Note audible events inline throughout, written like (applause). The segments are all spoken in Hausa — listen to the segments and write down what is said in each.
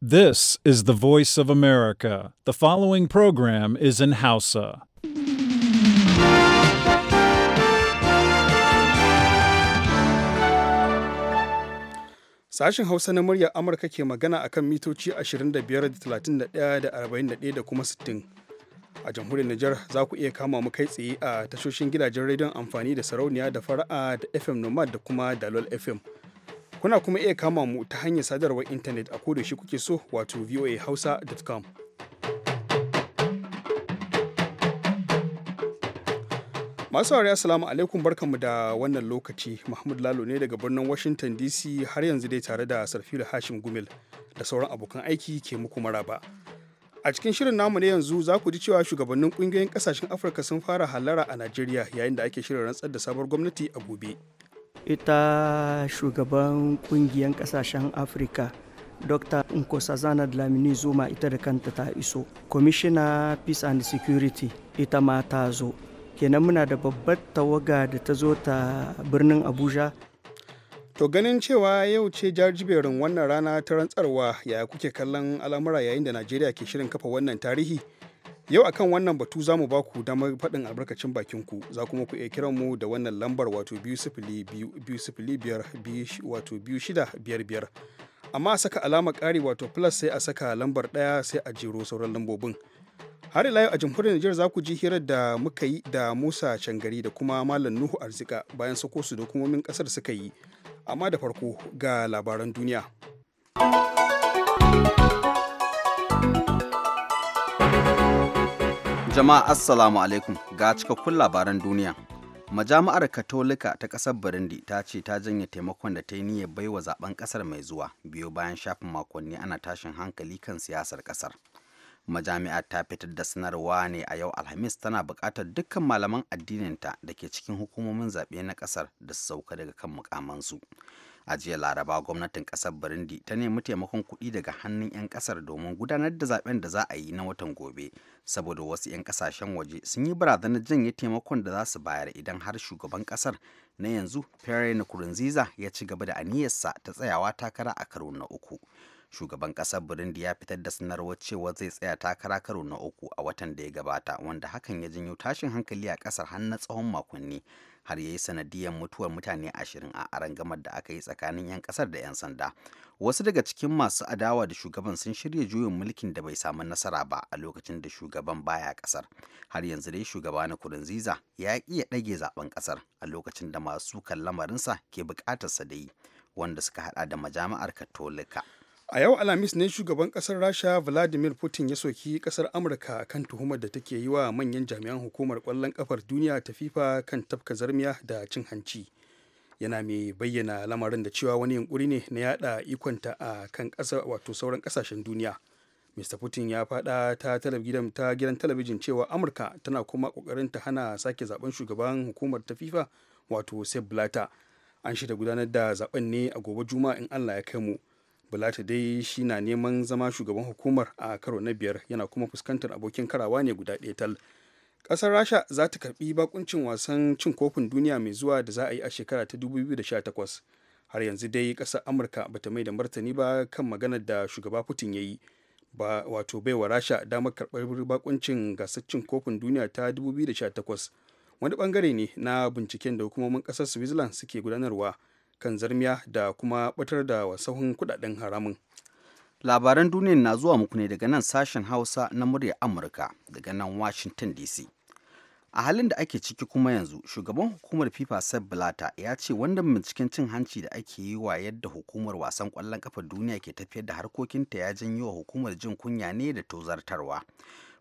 This is the voice of America. The following program is in Hausa. Sashen Hausa na muryar Amurka ke magana akan mitoci 25 31 da da kuma 60. A jamhuriyar Nijar za ku iya kama mu kai tsaye a tashoshin gidajen rediyon amfani da sarauniya da fara'a da FM Nomad da kuma Dalol FM. Kuna kuma iya kama mu ta hanyar sadarwar intanet a kodayaushe kuke so wato voahausa.com. Masu saurari assalamu alaikum barkanmu da wannan lokaci Mahmud Lalo ne daga birnin Washington DC har yanzu dai tare da Sarfilu Hashim Gumel da sauran abokan aiki ke muku maraba. A cikin shirin namu ne yanzu za ku ji cewa shugabannin kungiyoyin kasashen Afirka sun fara halara a Najeriya yayin da ake shirin rantsar da sabuwar gwamnati a gobe. ita shugaban kungiyar kasashen afirka dr nkosazana dlamini zuma ita da kanta ta iso komishina peace and security ita ma ta zo kenan muna da babbar tawaga da ta zo ta birnin abuja to ganin cewa yau ce jajiberin wannan rana ta rantsarwa ya kuke kallon al'amura yayin da najeriya ke shirin kafa wannan tarihi Yau akan wannan batu za mu ba ku damar faɗin albarkacin bakin ku za kuma ku iya kiran mu da wannan lambar wato biyu sifili biyu sifili biyar wato biyu shida biyar biyar. Amma a saka alamar ƙari wato plus sai a saka lambar ɗaya sai a jero sauran lambobin. Har ila a jamhuriyar Nijar za ku ji hirar da muka yi da Musa Cangari da kuma Malam Nuhu Arzika bayan sako su da hukumomin ƙasar suka yi. Amma da farko ga labaran duniya. Jama'a Assalamu alaikum ga cikakkun labaran duniya. Majami'ar Katolika ta ƙasar Burundi ta ce ta janye taimakon da ta yi niyyar baiwa zaben ƙasar mai zuwa biyo bayan shafin makonni ana tashin hankali kan siyasar ƙasar. Majami'ar ta fitar da sanarwa ne a yau Alhamis tana buƙatar dukkan malaman addininta da ke cikin hukumomin zaɓe na ƙasar da su sauka daga kan mukamansu. a jiya laraba gwamnatin kasar burundi ta nemi taimakon kuɗi daga hannun 'yan kasar domin gudanar da zaben da za a yi na watan gobe saboda wasu 'yan kasashen waje sun yi barazanar janye taimakon da za su bayar idan har shugaban kasar na yanzu pierre nkurunziza ya ci gaba da aniyarsa ta tsayawa takara a karo na uku shugaban kasar burundi ya fitar da sanarwar cewa zai tsaya takara karo na uku a watan da ya gabata wanda hakan ya janyo tashin hankali a kasar har na tsawon makonni har ya yi sanadiyar mutuwar mutane ashirin a arangamar da aka yi tsakanin 'yan kasar da 'yan sanda wasu daga cikin masu adawa da shugaban sun shirya juyin mulkin da bai samu nasara ba a lokacin da shugaban baya kasar har yanzu dai shugaba na kurunziza ya iya ɗage zaben kasar a lokacin da masu kan lamarinsa ke bukatar da yi wanda suka hada da majami'ar katolika a yau alhamis ne shugaban kasar rasha vladimir putin ya soki kasar amurka kan tuhumar da take yi wa manyan jami'an hukumar kwallon kafar duniya ta fifa kan tafka zarmiya da cin hanci yana mai bayyana lamarin da cewa wani yunkuri ne na yada ikonta a kan kasa wato sauran kasashen duniya mr putin ya fada ta gidan ta gidan talabijin cewa amurka tana kuma kokarin ta hana sake zaben shugaban hukumar ta fifa wato sepp blatter an shirya gudanar da zaben ne a gobe juma'a in allah ya kai mu bulata dai shi na neman zama shugaban hukumar a karo na biyar yana kuma fuskantar abokin karawa ne guda ɗaya tal ƙasar rasha za ta karɓi bakuncin wasan cin kofin duniya mai zuwa da za a yi a shekara ta 2018 har yanzu dai ƙasar amurka ba ta mai da martani ba kan maganar da shugaba putin ya yi ba wato baiwa rasha damar karɓar bakuncin gasar cin kofin duniya ta 2018 wani ɓangare ne na binciken da hukumomin ƙasar switzerland suke gudanarwa kan zarmiya da kuma batar da wasahun kudaden haramun labaran duniyan na zuwa muku ne daga nan sashen hausa na muryar amurka daga nan washington dc a halin da ake ciki kuma yanzu shugaban hukumar fifa Sepp blatter ya ce wanda binciken cin hanci da ake yi wa yadda hukumar wasan kwallon kafa duniya ke tafiyar da harkokinta ya janyo wa hukumar jin kunya ne da tozartarwa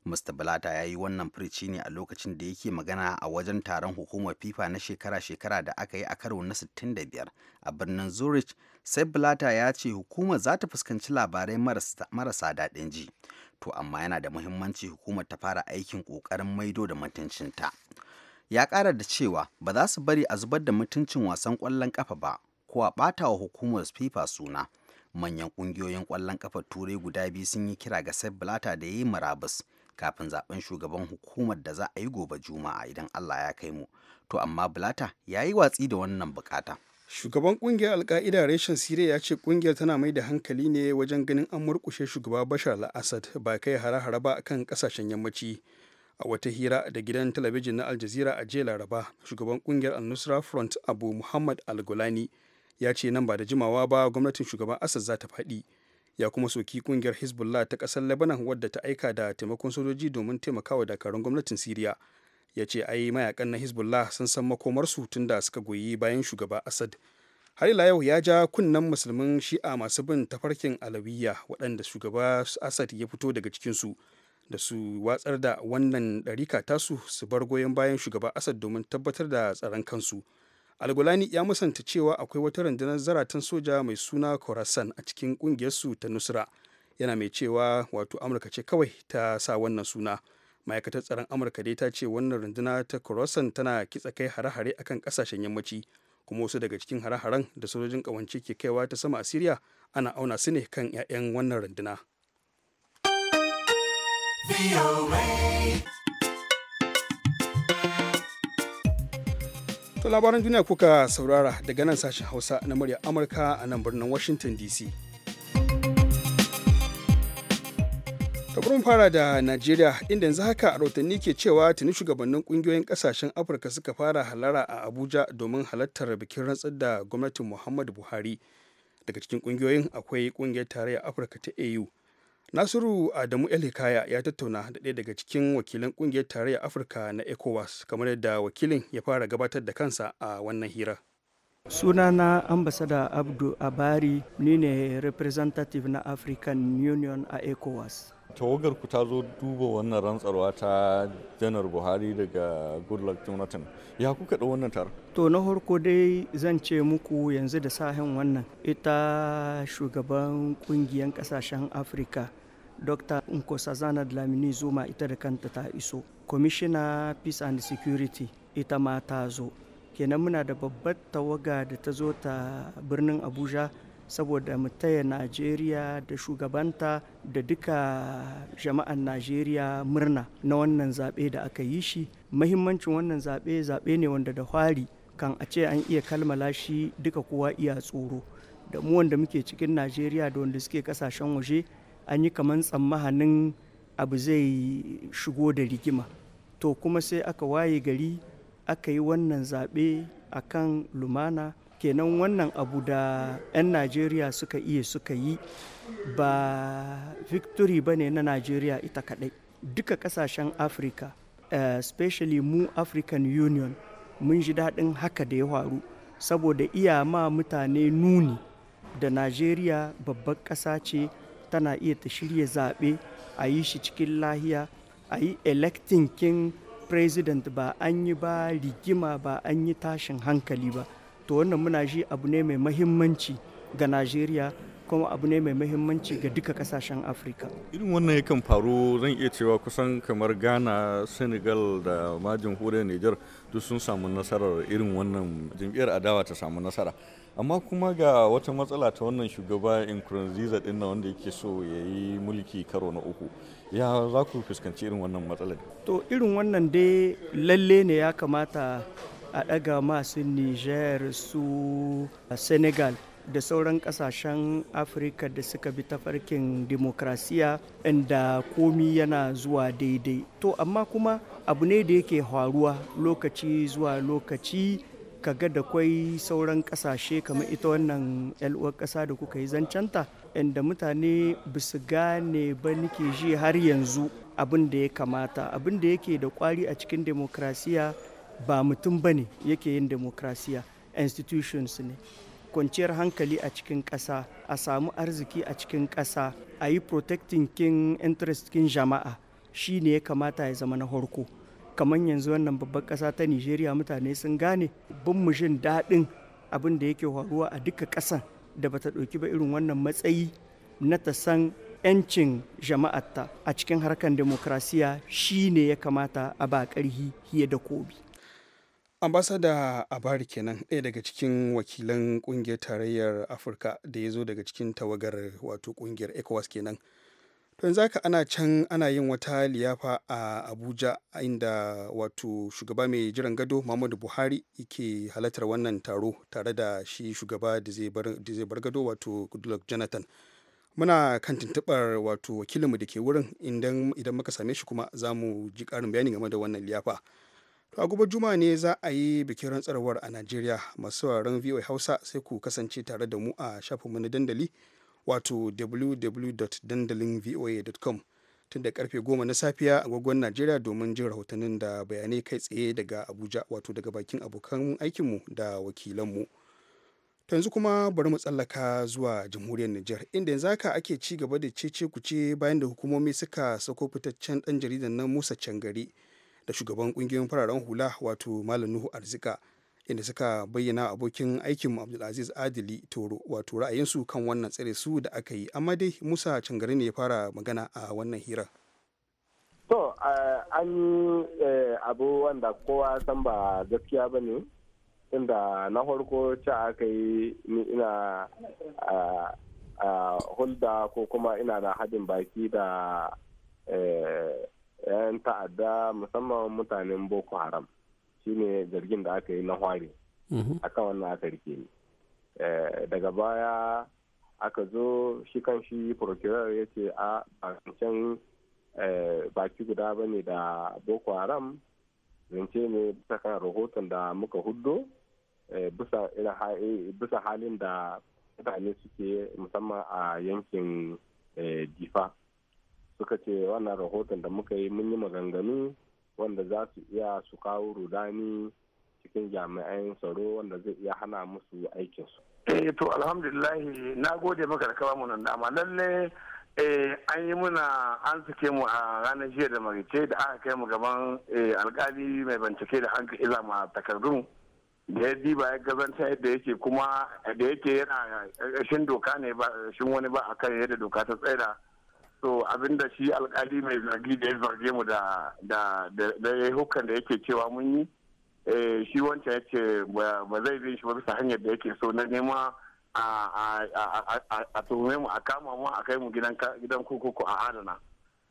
Mr. Balata ya yi wannan furici ne a lokacin da yake magana a wajen taron hukumar FIFA na shekara-shekara da aka yi a karo na 65 a birnin Zurich, sai Balata ya ce hukumar za ta fuskanci labarai marasa daɗin ji. To amma yana da muhimmanci hukumar ta fara aikin ƙoƙarin maido da mutuncinta. Ya ƙara da cewa ba za su bari a zubar da mutuncin wasan ƙwallon ƙafa ba ko a ɓata wa hukumar FIFA suna. Manyan ƙungiyoyin ƙwallon ƙafa turai guda biyu sun yi kira ga Sepp Blatter da ya yi marabus. kafin zaben shugaban hukumar da za a yi gobe juma'a idan allah ya kai mu to amma bulata ya yi watsi da wannan bukata shugaban kungiyar alka'ida reshen siriya ya ce kungiyar tana mai da hankali ne wajen ganin an murkushe shugaba bashar al-assad ba kai hare-hare ba kan kasashen yammaci a wata hira da gidan talabijin na aljazira a jiya laraba shugaban kungiyar al-nusra front abu muhammad al gulani ya ce nan ba da jimawa ba gwamnatin shugaban assad za ta faɗi ya kuma soki kungiyar hezbollah ta kasar lebanon wadda ta aika da taimakon sojoji domin taimakawa dakarun gwamnatin siriya ya ce ai mayakan na hezbollah sun san makomarsu tun da suka goyi bayan shugaba assad har ila yau ya ja kunnen musulmin shi'a masu bin tafarkin alawiyya waɗanda shugaba assad ya fito daga cikinsu da su watsar da wannan ɗarika tasu su bar goyon bayan shugaba assad domin tabbatar da tsaron kansu algulani ya musanta cewa akwai wata rundunar zaratan soja mai suna khorasan a cikin kungiyarsu ta nusra yana mai cewa wato amurka ce kawai ta sa wannan suna ma'aikatar tsaron amurka dai ta ce wannan runduna ta khorasan tana kitsa kai hare-hare akan kasashen yammaci kuma wasu daga cikin hare-haren da sojojin kawance ke kaiwa ta sama a siriya ana auna su ne kan 'ya'yan wannan runduna. To labaran duniya kuka saurara daga nan sashen Hausa na murya Amurka a nan birnin Washington DC. Tabarin fara da Najeriya inda yanzu haka a rautanni ke cewa tuni shugabannin kungiyoyin kasashen Afirka suka fara halara a Abuja domin halartar bikin rantsar da gwamnatin Muhammadu Buhari. Daga cikin kungiyoyin akwai kungiyar tarayyar Afirka ta AU Nasiru Adamu Elikaya ya tattauna da ɗaya daga cikin wakilan ƙungiyar tarayyar Afirka na ECOWAS kamar yadda wakilin ya fara gabatar da kansa a wannan hira. sunana ambasada abdu abari ni ne representative na african union a ecowas tawagar ku ta zo duba wannan rantsarwa ta janar buhari daga goodluck jonathan ya kuka da wannan tar to na harko dai zan ce muku yanzu da sahen wannan ita shugaban ƙungiyar kasashen afirka dr nkosazana dlamini zuma ita da kanta ta iso commissioner peace and security ita ma ta zo kenan muna da babbar tawaga da ta zo ta birnin abuja saboda mu taya najeriya da shugabanta da duka jama'an najeriya murna na wannan zaɓe da aka yi shi mahimmancin wannan zaɓe zaɓe ne wanda da hwari kan a ce an iya kalmala shi duka kowa iya tsoro da mu wanda muke cikin najeriya da wanda suke kasashen waje an yi kamar tsammahanin abu zai shigo da rigima to kuma sai aka waye gari aka yi wannan zaɓe akan lumana kenan wannan abu da 'yan najeriya suka iya suka yi ba victory ba ne na najeriya ita kadai duka kasashen afirka eh, especially mu african union mun ji daɗin haka da ya faru saboda iya ma mutane nuni da najeriya babbar ƙasa ce tana iya ta shirya zaɓe a yi shi cikin lahiya a yi electing king president ba an yi ba rigima ba an yi tashin hankali ba to wannan muna shi abu ne mai mahimmanci ga najeriya kuma abu ne mai mahimmanci ga duka kasashen afirka irin wannan yakan faru zan iya cewa kusan kamar ghana senegal da ma jamhuriyar niger duk sun samu nasarar irin wannan jam'iyyar adawa ta samu nasara amma kuma ga wata matsala ta wannan shugaba in din nan wanda yake so ya yi mulki karo na uku ya za ku fuskanci irin wannan matsalar to irin wannan dai lalle ne ya kamata a ɗaga masu niger su senegal da sauran kasashen afirka da suka bi tafarkin demokrasiya inda komi yana zuwa daidai to amma kuma abu ne da yake faruwa lokaci zuwa lokaci kaga da kwai sauran ƙasashe kamar ita wannan yaluwar ƙasa da kuka yi zancenta inda mutane bisu gane ba nike ji har yanzu abin da ya kamata abin da yake da kwari a cikin demokrasiya ba mutum ba ne yake yin demokrasiya institutions ne kwanciyar hankali a cikin ƙasa a samu arziki a cikin ƙasa a yi protecting kin interest kin jama'a shi ne ya kamata ya zama na horko kamar yanzu wannan babbar ƙasa ta nigeria mutane sun gane bin mu jin daɗin abin da yake faruwa a duka ƙasan da bata ɗauki ba irin wannan matsayi na ta san 'yancin jama'arta a cikin harkar demokrasiya shi ne ya kamata a ba ƙarhi hiye da kobi ambasada abari kenan ɗaya daga cikin wakilan ƙungiyar tarayyar afirka da ya zo daga cikin tawagar wato ƙungiyar ecowas kenan to yanzu haka ana can ana yin wata liyafa a abuja inda wato shugaba mai jiran gado muhammadu buhari yake halartar wannan taro tare da shi shugaba da zai bar gado wato goodluck jonathan muna kan tuntuɓar wato wakilinmu da ke wurin idan muka same shi kuma za mu ji ƙarin bayani game da wannan liyafa To a gobe juma ne za a yi bikin rantsarwar a Najeriya masu sauraron VOA Hausa sai ku kasance tare da mu a shafinmu na dandali wato www.dandalinvoa.com tun da karfe goma na safiya a agogon Najeriya domin jin rahotannin da bayanai kai tsaye daga Abuja wato daga bakin abokan aikinmu da wakilanmu. ta yanzu kuma bari mu tsallaka zuwa jamhuriyar niger inda yanzu haka ake ci gaba da cece kuce bayan da hukumomi suka sako fitaccen dan jaridan nan Musa Cangari. gari. da shugaban kungiyoyin fararen hula wato malam nuhu arzika inda suka bayyana abokin aikin abdulaziz adili toro wato ra'ayinsu kan wannan tsare su da aka yi amma dai musa cangare ne ya fara magana a wannan hira to an yi e, abu wanda kowa san ba gaskiya ba ne inda na farko ta aka yi ni ina hulda ko kuma ina da haɗin baki da e, 'yan ta'adda musamman mutanen boko haram shine zargin da aka yi na hware mhm. akan wannan aka rike ni eh, daga baya aka zo shi kan shi procurer ya ce a can eh, baki guda ba ne da boko haram zance ne ta kan rahoton da muka huddo eh, bisa halin da mutane suke musamman a yankin difa suka ce wannan rahoton da muka yi mun yi maganganu wanda za su iya su kawo rudani cikin jami'an tsaro wanda zai iya hana musu aikinsu. Eh to alhamdulillahi na gode maka da kawo munan dama lalle eh, an yi muna an suke mu a ranar jiya da marice da aka kai mu gaban eh, alkali mai bincike da hankali ila ma takardun da ya diba ya gazanta yadda yake kuma da yake yana shin doka ne ba shin wani ba a kan yadda doka ta tsada. so abinda shi alkali mai zargi da ya zarge mu da da da hukan da yake cewa mun yi eh, shi wancan ya ce ba zai bin shi ba bisa hanyar da yake so na nema a tuhume mu a kama mu a kai mu gidan kurkuku a adana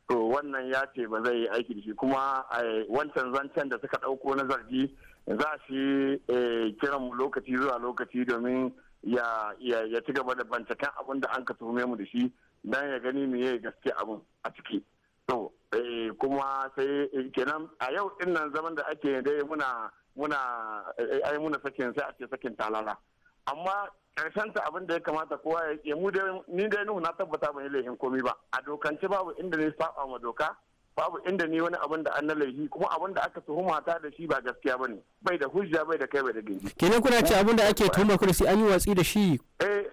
to wannan ya ce ba zai yi aiki da shi kuma eh, wancan zancen da suka ɗauko na zargi za shi eh, kiran mu lokaci zuwa lokaci domin ya ci gaba da bancakan abin da an ka tuhume mu da shi dan ya gani me ya gaske abun a ciki to eh, kuma sai eh, kenan a yau din nan zaman da ake dai muna muna eh, ai muna sakin sai a ce sakin talala amma karshen ta abin da ya kamata kowa ya mu dai ni dai nuhu na tabbata ban yi laifin komi ba a dokance babu inda ne saba ma doka babu inda ni wani abin da an na laifi kuma abin da aka tuhuma ta da shi ba gaskiya bane bai da hujja bai da kai bai da gindi kenan kuna ce abin da ake tuhuma ku da shi an yi watsi da shi eh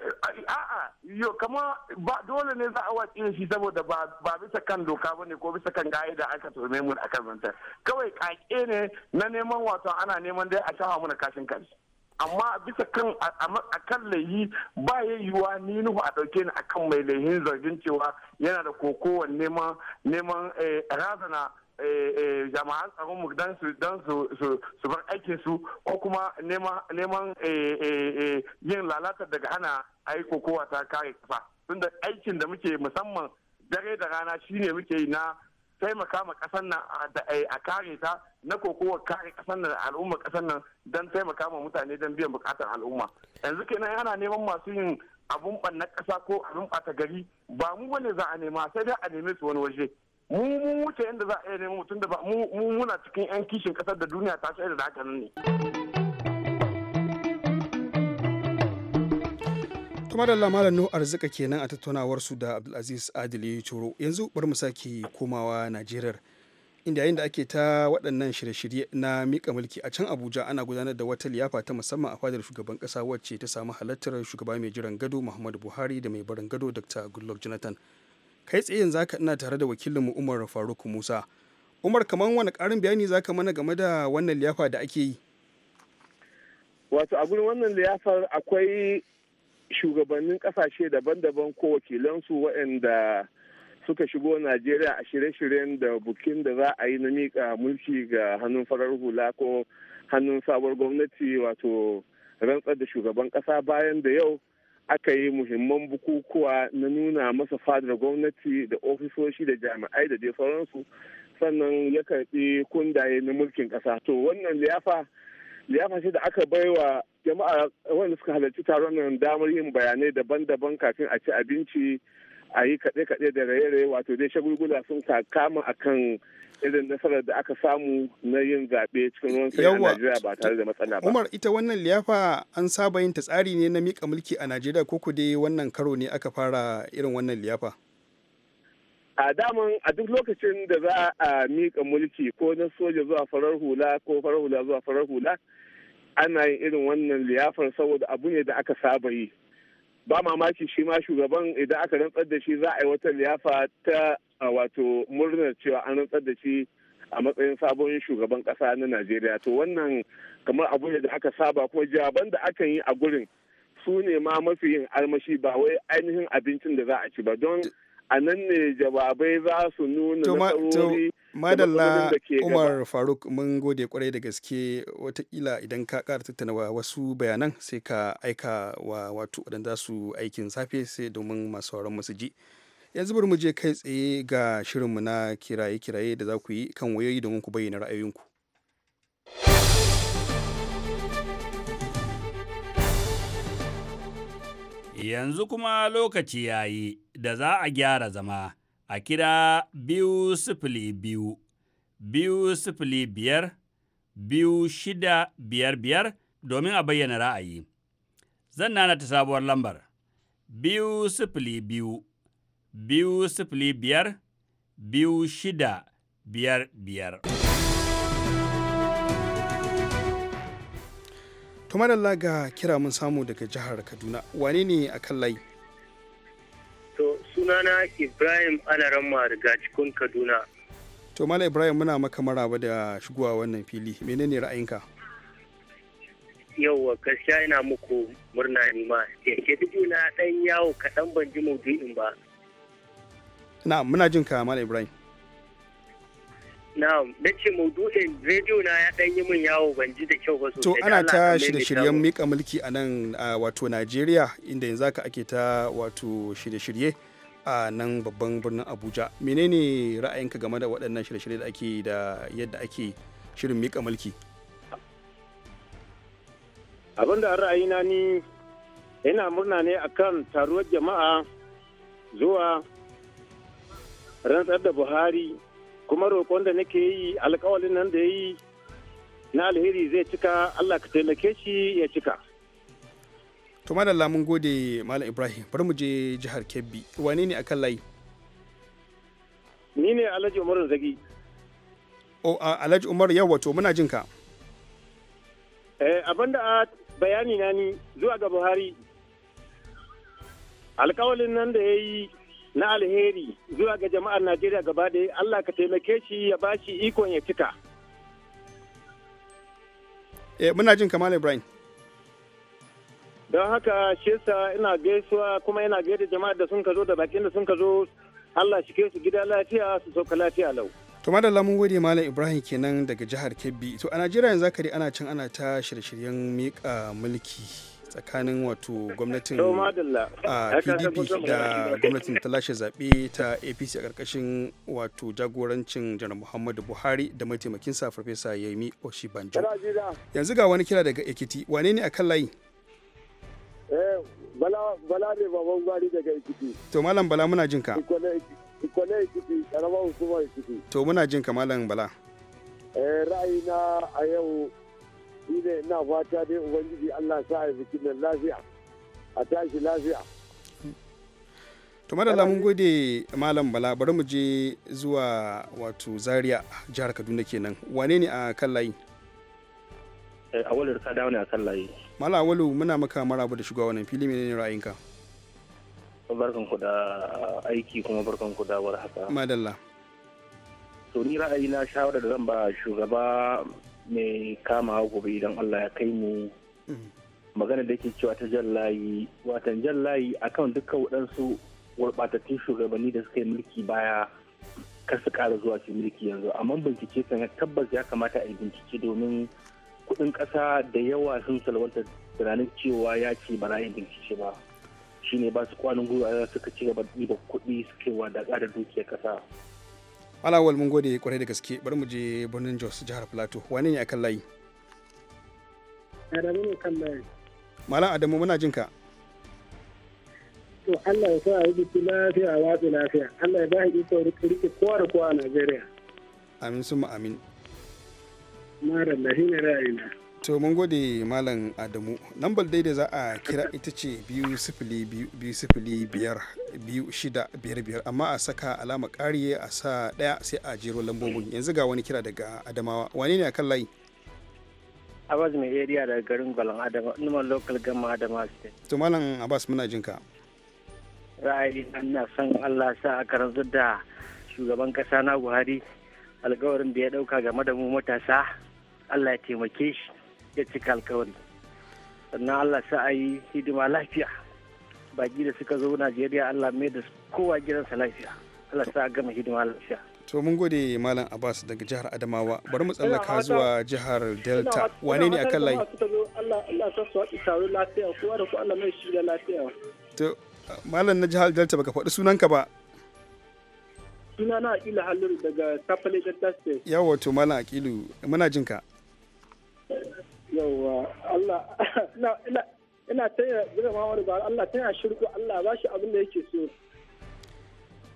a'a yo kama ba dole ne za a watsi da shi saboda ba ba bisa kan doka ba ne ko bisa kan da aka tuhume mu akan zanta kawai kake ne na neman wato ana neman dai a shafa mana kashin kansu amma bisa kan a kan layi ba ya yiwuwa ni nuhu a dauke ni akan mai laihin zargin cewa yana da kokowar neman neman eh, razana eh, eh, jama'an tsaron mu dan su dan bar aikin su ko kuma neman yin lalata daga hana aiko kokowa ta kare kafa tunda aikin da muke musamman dare da rana shine muke yi na taimaka ma kasar nan eh, a kare ta na kokowa kare kasar nan al'umma kasar nan don taimaka ma mutane don biyan bukatar al'umma yanzu kenan yana neman masu yin abun ɓanna ƙasa ko abun ɓata gari ba mu bane za a nema sai dai a neme su wani waje mu mu wuce inda za a iya neman mutum da ba mu muna cikin yan kishin ƙasar da duniya ta shaida da haka nan ne. kuma da lamarin nuhu arzika kenan a tattaunawar su da abdulaziz adili coro yanzu bari mu sake komawa najeriyar inda yayin da ake ta waɗannan shirye-shirye na mika mulki a can abuja ana gudanar da wata liyafa ta musamman a fadar shugaban ƙasa wacce ta samu halartar shugaba mai jiran gado muhammadu buhari da mai barin gado dr goodluck jonathan kai tsayin ka ina tare da wakilin mu umar faruk musa umar kamar wani ƙarin bayani zaka mana game da wannan liyafa da ake yi wato a gurin wannan liyafar akwai shugabannin kasashe daban-daban ko wakilansu waɗanda suka shigo najeriya a shirye-shiryen da bukin da za a yi na mika mulki ga hannun farar hula ko hannun sabuwar gwamnati wato rantsar da shugaban ƙasa bayan da yau aka yi muhimman bukukuwa na nuna masa fadar gwamnati da ofisoshi da jami'ai da dai sauransu sannan ya karɓi kundaye na mulkin ƙasa to wannan liyafa liyafa ce da aka baiwa jama'a wanda suka halarci taron nan damar yin bayanai daban-daban kafin a ci abinci a yi kaɗe-kaɗe da raye-raye wato dai shagulgula sun kama akan irin nasarar da aka samu na yin zaɓe cikin ruwan sanyi a Najeriya ba tare da matsala ba. Umar ita wannan liyafa an saba yin ta tsari ne na miƙa mulki a Najeriya ko ku dai wannan karo ne aka fara irin wannan liyafa? a daman a duk lokacin da za a miƙa mulki ko na soja zuwa farar hula ko farar hula zuwa farar hula ana yin irin wannan liyafar saboda abu ne da aka saba yi ba mamaki shi ma shugaban idan aka rantsar da shi za a yi wata liyafa ta wato murnar cewa an rantsar da shi a matsayin sabon shugaban ƙasa na najeriya to wannan kamar abu ne da aka saba kuma jaban da aka yi a gurin su ne ma mafi yin armashi ba wai ainihin abincin da za a ci ba don a nan ne jawabai za su nuna nasarori madalla umar faruk mun gode kwarai da gaske watakila idan ka kara tattana wa wasu bayanan sai ka aika wa wato waɗanda su aikin safe sai domin masu sauran su ji yanzu bari mu je kai tsaye ga shirinmu na kiraye-kiraye da za ku yi kan wayoyi domin ku bayyana ra'ayoyinku yanzu kuma lokaci ya yi da za a gyara zama a kira biyu sifili biyu, biyu sifili biyar, biyu shida biyar biyar domin a bayyana ra'ayi. Zan nana ta sabuwar lambar biyu sifili biyu, biyu sifili biyar, biyu shida biyar biyar. da ga kira mun samu daga jihar Kaduna, wane ne a kan layi? sunana Ibrahim Alaran Mariga cikin Kaduna. To Mala Ibrahim muna maka maraba da shigowa wannan fili. Menene ra'ayinka? Yauwa gaskiya ina muku murna ni ma. Yake duk na dan yawo kaɗan ban ji maudu'in ba. Na muna jin ka Mala Ibrahim. na ce maudu'in rediyo na ya ɗan yi min yawo ban ji da kyau ba sosai. To ana ta shirye-shiryen mika mulki a nan wato Najeriya inda yanzu haka ake ta wato shirye-shirye a nan babban birnin abuja menene ra'ayinka game da waɗannan shirye-shirye da ake da yadda ake shirin mika mulki abin da ra'ayina ni yana murna ne a kan taruwar jama'a zuwa rantsar da buhari kuma roƙon da nake yi alkawalin nan da yi na alheri zai cika allah ka taimake shi ya cika to madalla mun gode malam ibrahim bari mu je jihar kebbi wane ne akan layi ni ne alhaji umar zagi o alhaji umar yawa to muna jin ka eh abinda a bayani na ni zuwa ga buhari alkawalin nan da ya yi na alheri zuwa ga jama'ar najeriya gaba da allah ka taimake shi ya bashi ikon ya cika eh muna jin malam ibrahim don haka shi yasa ina gaisuwa kuma ina gaida jama'a da sun ka zo da bakin da sun ka zo Allah shi su gida lafiya su sauka lafiya lau to madalla mun gode malam ibrahim kenan daga jihar kebbi to a najeriya yanzu dai ana can ana ta shirye-shiryen miƙa mulki tsakanin wato gwamnatin a pdp da gwamnatin ta lashe zaɓe ta apc a ƙarƙashin wato jagorancin janar muhammadu buhari da mataimakinsa farfesa yemi oshibanjo yanzu ga wani kira daga ekiti wane ne a kan layi Eh, Bala ne baban gwari daga Ekiti. To Malam Bala muna jin ka. Ikole Ekiti, Karama Usuma Ekiti. To muna jin ka Malam Bala. Eh, ra'ayi na a yau shi ne ina fata dai Ubangiji Allah sa a bikin nan lafiya. A tashi lafiya. To madalla mun gode Malam Bala bari mu je zuwa wato Zaria jihar Kaduna kenan. Wane ne a kan layi? Eh, awalu ka dawo ne kan layi mala awalu muna maka maraba da shiga wannan fili menene ra'ayinka barkan ku da aiki kuma barkan ku da war haka madalla to ni ra'ayi na shawara da zan ba shugaba mai kama gobe idan Allah ya kai mu mm. magana da ke cewa ta jan layi watan jan layi akan dukkan waɗansu gurɓatattun shugabanni da suka yi mulki baya kar su ƙara zuwa su mulki yanzu amma bincike kan tabbas ya kamata a yi bincike domin kudin kasa da yawa sun salwanta tunanin cewa ya ce ba na yin bincike ba shi ne ba su kwanin gwiwa suka ci gaba ɗiba kuɗi suke wa da dukiyar kasa. alawal mun gode kwarai da gaske bari mu je birnin jos jihar plateau wani ne akan layi. Adamu ne kan layi. Malam Adamu muna jin ka. To Allah ya sa a yi lafiya watsi lafiya. Allah ya ba shi iko rike kowa da kowa a Najeriya. Amin sun amin. mara shi ne ra'ayina. To mun gode Malam Adamu. Lambar dai da za a kira ita ce biyu sifili biyu sifili biyar biyu shida biyar biyar amma a saka alama kariye a sa ɗaya sai a jero lambobin yanzu ga wani kira daga Adamawa wane ne a kan layi? Abbas mai area daga garin Balan Adama numa local gama Adama state. To Malam Abbas muna jinka. Ra'ayi na son Allah sa a karanzu da shugaban kasa na Buhari alkawarin da ya dauka game da mu matasa Allah ya taimake shi ya cika alkawari sannan Allah sa a yi hidima lafiya baki da suka zo Najeriya Allah mai da kowa gidansa lafiya Allah sa a gama hidima lafiya to mun gode malam Abbas daga jihar Adamawa bari mu tsallaka zuwa jihar Delta wane ne akan layi Allah Allah sa su haɗu lafiya kowa da Allah mai lafiya to malam na jihar Delta baka faɗi sunanka ba sunana Aqilu halin daga Tafale Delta State yawa to malam Akilu muna jinka ka yauwa Allah (laughs) ina taya ba Allah taya shirku Allah ba shi abin da yake so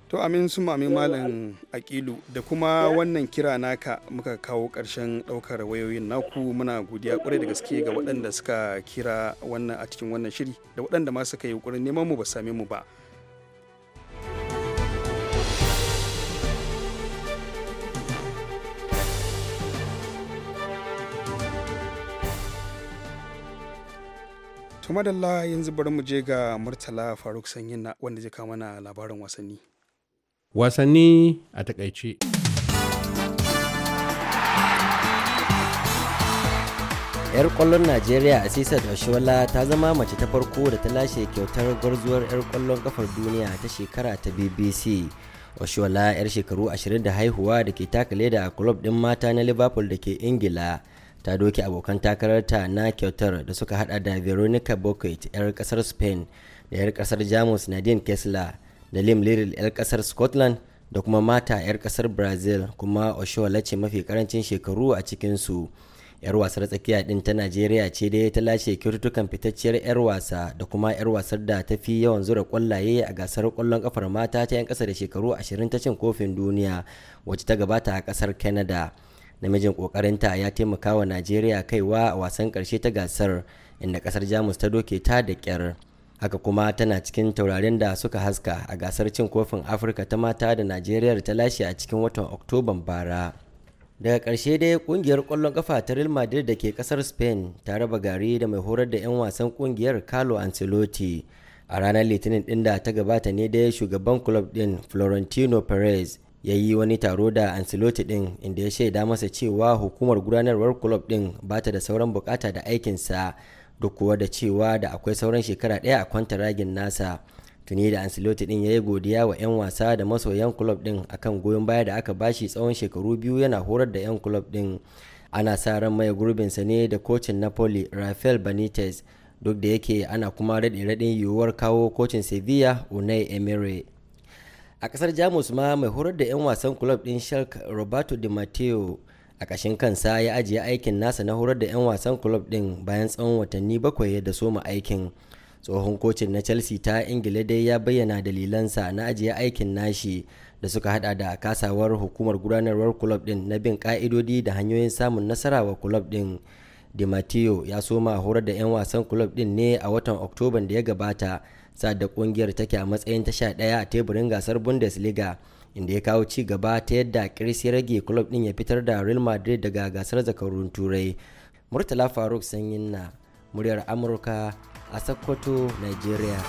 to amin sun mami malam akilu da kuma wannan kira naka muka kawo karshen daukar wayoyin naku muna godiya kwarai da gaske ga waɗanda suka kira wannan a cikin wannan shiri da waɗanda ma suka yi ƙurin neman mu ba same mu ba To madalla yanzu bari mu je ga Murtala Faruk Sanyin wanda zai kama na labarin wasanni. Wasanni a takaice. yar kwallon najeriya asisat Oshiwala ta zama mace ta farko da ta lashe kyautar gwarzuwar yar kwallon kafar duniya ta shekara ta bbc Oshiwala yar shekaru 20 da haihuwa da ke taka leda a kulob din mata na liverpool da ke ingila ta doke abokan takararta na kyautar da suka hada da veronica bucket 'yar kasar spain da 'yar kasar jamus nadine kessler da lim liril 'yar kasar scotland da kuma mata 'yar kasar brazil kuma oshola ce mafi karancin shekaru a cikinsu 'yar wasar tsakiya din ta nigeria ce dai ta lashe kyaututtukan fitacciyar 'yar wasa da kuma 'yar wasar da ta fi yawan zura kwallaye a gasar kwallon kafar mata ta 'yan kasa da shekaru 20 ta cin kofin duniya wacce ta gabata a kasar canada namijin kokarinta ya taimaka wa najeriya kaiwa a wasan karshe ta gasar inda kasar jamus ta doke ta da kyar haka kuma tana cikin taurarin da suka haska a gasar cin kofin afirka ta mata da najeriya ta lashe a cikin watan oktoban bara daga karshe dai kungiyar kwallon kafa ta real madrid da ke kasar spain ta raba gari da mai horar da 'yan wasan kungiyar carlo ancelotti a ranar litinin din da ta gabata ne dai shugaban club din florentino perez ya yi wani taro da ancelotti din inda ya shaida masa cewa hukumar gudanarwar club din ba ta da sauran bukata da aikinsa duk kuwa da cewa da akwai sauran shekara ɗaya a ragin nasa tuni da ancelotti din ya yi godiya wa 'yan wasa da masoyan club din akan goyon baya da aka bashi tsawon shekaru biyu yana horar da 'yan club din ana sa ran mai gurbinsa ne da kocin napoli rafael benitez duk da yake ana kuma raɗe-raɗin yiwuwar kawo kocin sevilla unai emery a kasar jamus ma mai horar da 'yan wasan club din shark roberto di matteo a kashin kansa ya ajiye aikin nasa na horar da 'yan wasan club din bayan tsawon watanni bakwai ya da soma aikin tsohon kocin na chelsea ta ingila dai ya bayyana dalilansa na ajiye aikin nashi da suka hada da kasawar hukumar gudanarwar club din na bin ka'idodi da hanyoyin samun nasara wa club din di matteo ya soma horar da 'yan wasan club din ne a watan oktoban da ya gabata sa'ad da kungiyar take a matsayin ta daya a teburin gasar bundesliga inda ya kawo ci gaba ta yadda kiris ya rage club din ya fitar da real madrid daga gasar zakarun turai murtala faruk sanyin na muryar amurka a sokoto nigeria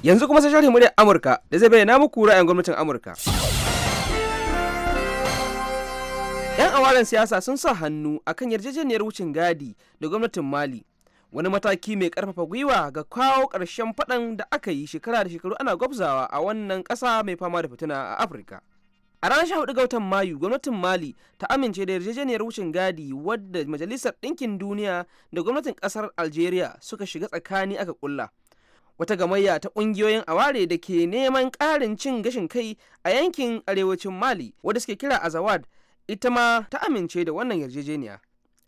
yanzu kuma sai sharhi muryar amurka da zai bayyana muku ra'ayin gwamnatin amurka 'yan siyasa sun sa hannu akan yarjejeniyar wucin gadi da gwamnatin mali wani mataki mai karfafa gwiwa ga kawo karshen faɗan da aka yi shekara da shekaru ana gwabzawa a wannan kasa mai fama da fitina a afirka a ranar 14 ga watan mayu gwamnatin mali ta amince da yarjejeniyar wucin gadi wadda majalisar ɗinkin duniya da gwamnatin ƙasar algeria suka shiga tsakani aka kulla wata gamayya ta ƙungiyoyin aware da ke neman ƙarin cin gashin kai a yankin arewacin mali wadda suke kira azawad ita ma ta amince da wannan yarjejeniya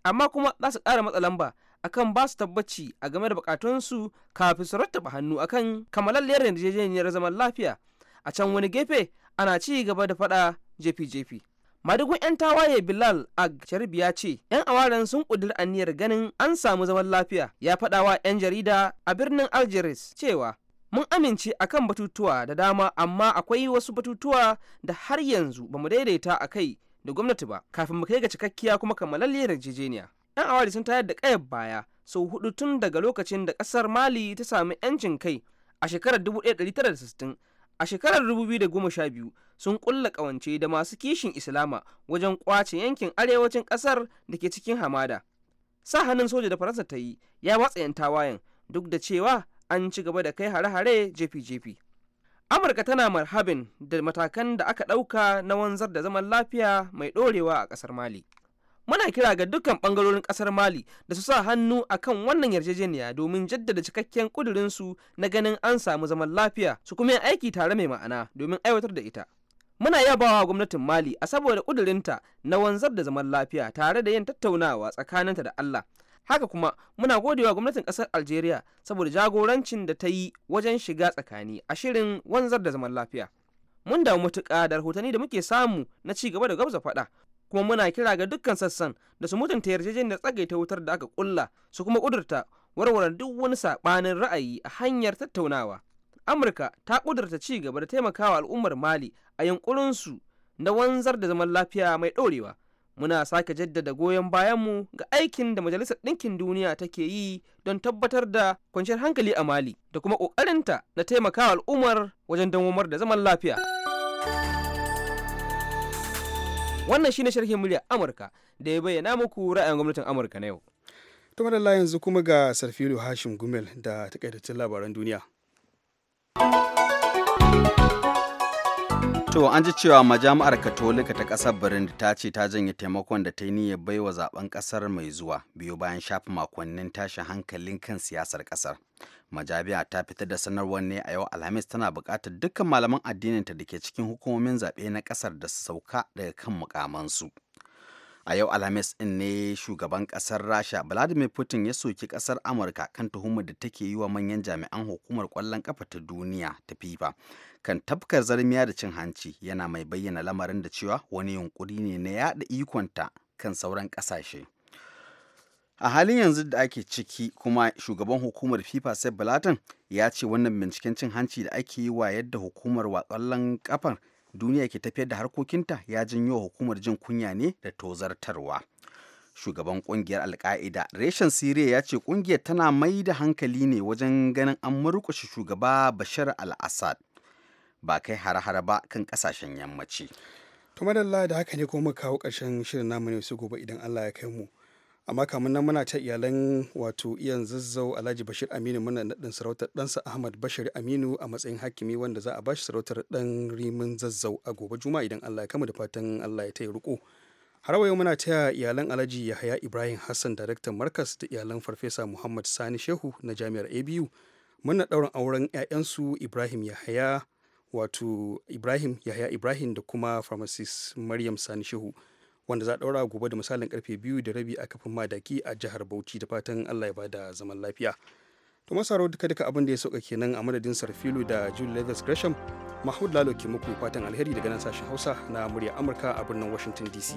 amma kuma za su ƙara matsa lamba akan ba su tabbaci a game da bukatunsu kafin su rattaba hannu akan kamalalliyar yarjejeniyar zaman lafiya a can wani gefe ana ci gaba da faɗa jefi-jefi madugun 'yan tawaye bilal ag sharbi ya ce 'yan awaren sun ƙudiri aniyar ganin an samu zaman lafiya ya faɗawa 'yan jarida a birnin algeris cewa mun amince akan batutuwa da dama amma akwai wasu batutuwa da har yanzu ba mu daidaita a kai da gwamnati ba kafin mu kai ga cikakkiya kuma kamalalle yarjejeniya yan awari sun tayar da kayar baya sau hudu tun daga lokacin da kasar mali ta sami yancin kai a shekarar 1960 a shekarar 2012 sun kulla kawance da masu kishin islama wajen kwace yankin arewacin kasar da ke cikin hamada sa hannun soja da faransa ta yi ya watsa yan tawayen duk da cewa an ci gaba da kai hare-hare jefi-jefi amurka tana marhabin da matakan da aka ɗauka na wanzar da zaman lafiya mai ɗorewa a ƙasar mali muna kira ga dukkan ɓangarorin ƙasar mali da su sa hannu a kan wannan yarjejeniya domin jaddada cikakken ƙudurinsu na ganin an samu zaman lafiya su kuma yin aiki tare mai ma'ana domin aiwatar da ita muna yabawa gwamnatin mali a saboda ƙudurinta na wanzar da zaman lafiya tare da yin tattaunawa tsakaninta da allah haka kuma muna godewa gwamnatin kasar algeria saboda jagorancin da ta yi wajen shiga tsakani a shirin wanzar da zaman lafiya mun damu matuƙa da rahotanni da muke samu na ci gaba da gwabza faɗa kuma muna kira ga dukkan sassan da su mutunta yarjejeniyar tsagaita wutar da aka kulla su kuma kudurta warware duk wani saɓanin ra'ayi a hanyar tattaunawa amurka ta kudurta ci gaba da taimakawa al'ummar mali a su na wanzar da zaman lafiya mai ɗorewa muna sake jaddada goyon bayanmu ga aikin da majalisar ɗinkin duniya take yi don tabbatar da kwanciyar hankali a mali da kuma ƙoƙarinta na taimakawa al'ummar wajen dawamar da zaman lafiya wannan shine sharhin murya amurka da ya bayyana muku ra'ayin gwamnatin amurka na yau to madalla yanzu kuma ga sarfilu hashim gumel da takaitattun labaran duniya To an ji cewa majami'ar Katolika ta ƙasar Burundi ta ce ta janye taimakon da ta yi niyyar bai wa zaben ƙasar mai zuwa biyu bayan shafi makonnin tashin hankalin kan siyasar ƙasar. Majami'a ta fitar da sanarwar ne a yau Alhamis tana buƙatar dukkan malaman addininta da ke cikin hukumomin zaɓe na ƙasar da su sauka daga kan mukamansu. a yau alhamis ɗin ne shugaban ƙasar rasha vladimir putin ya soki ƙasar amurka kan tuhumar da take yi wa manyan jami'an hukumar kwallon ƙafa ta duniya ta fifa kan tafkar zarmiya da cin hanci yana mai bayyana lamarin da cewa wani yunƙuri ne na yaɗa ikonta kan sauran ƙasashe a halin yanzu da ake ciki kuma shugaban hukumar fifa sai blatin ya ce wannan binciken cin hanci da ake yi wa yadda hukumar wa ƙwallon ƙafar duniya ke tafiyar da harkokinta ya janyo hukumar jin kunya ne da tozartarwa shugaban kungiyar alka'ida reshen siriya ya ce kungiyar tana mai da hankali ne wajen ganin an murkushe shugaba bashar al-assad ba kai hare-hare ba kan kasashen yammaci to madalla da haka ne kuma kawo ƙarshen shirin namu ne su gobe idan allah ya kai mu amma kamun nan muna ta iyalan wato iyan zazzau alhaji bashir aminu muna naɗin sarautar ɗansa ahmad bashir aminu a matsayin hakimi wanda za a ba shi sarautar ɗan rimin zazzau a gobe juma'a idan allah ya kama da fatan allah ya ta yi riko har yau muna taya iyalan alhaji yahaya ibrahim hassan daraktan markas da iyalan farfesa muhammad sani shehu na jami'ar abu muna ɗaurin auren 'ya'yansu ibrahim yahaya wato ibrahim yahaya ibrahim da kuma pharmacist maryam sani shehu wanda za a ɗaura gobe da misalin karfe biyu da rabi a kafin madaki a jihar bauchi da fatan allah ya bada zaman lafiya to masaro duka duka abinda ya sauka kenan a madadin sarfilu da julie leathers gresham mahmud lalo ke muku fatan alheri daga nan sashen hausa na murya amurka a birnin washington dc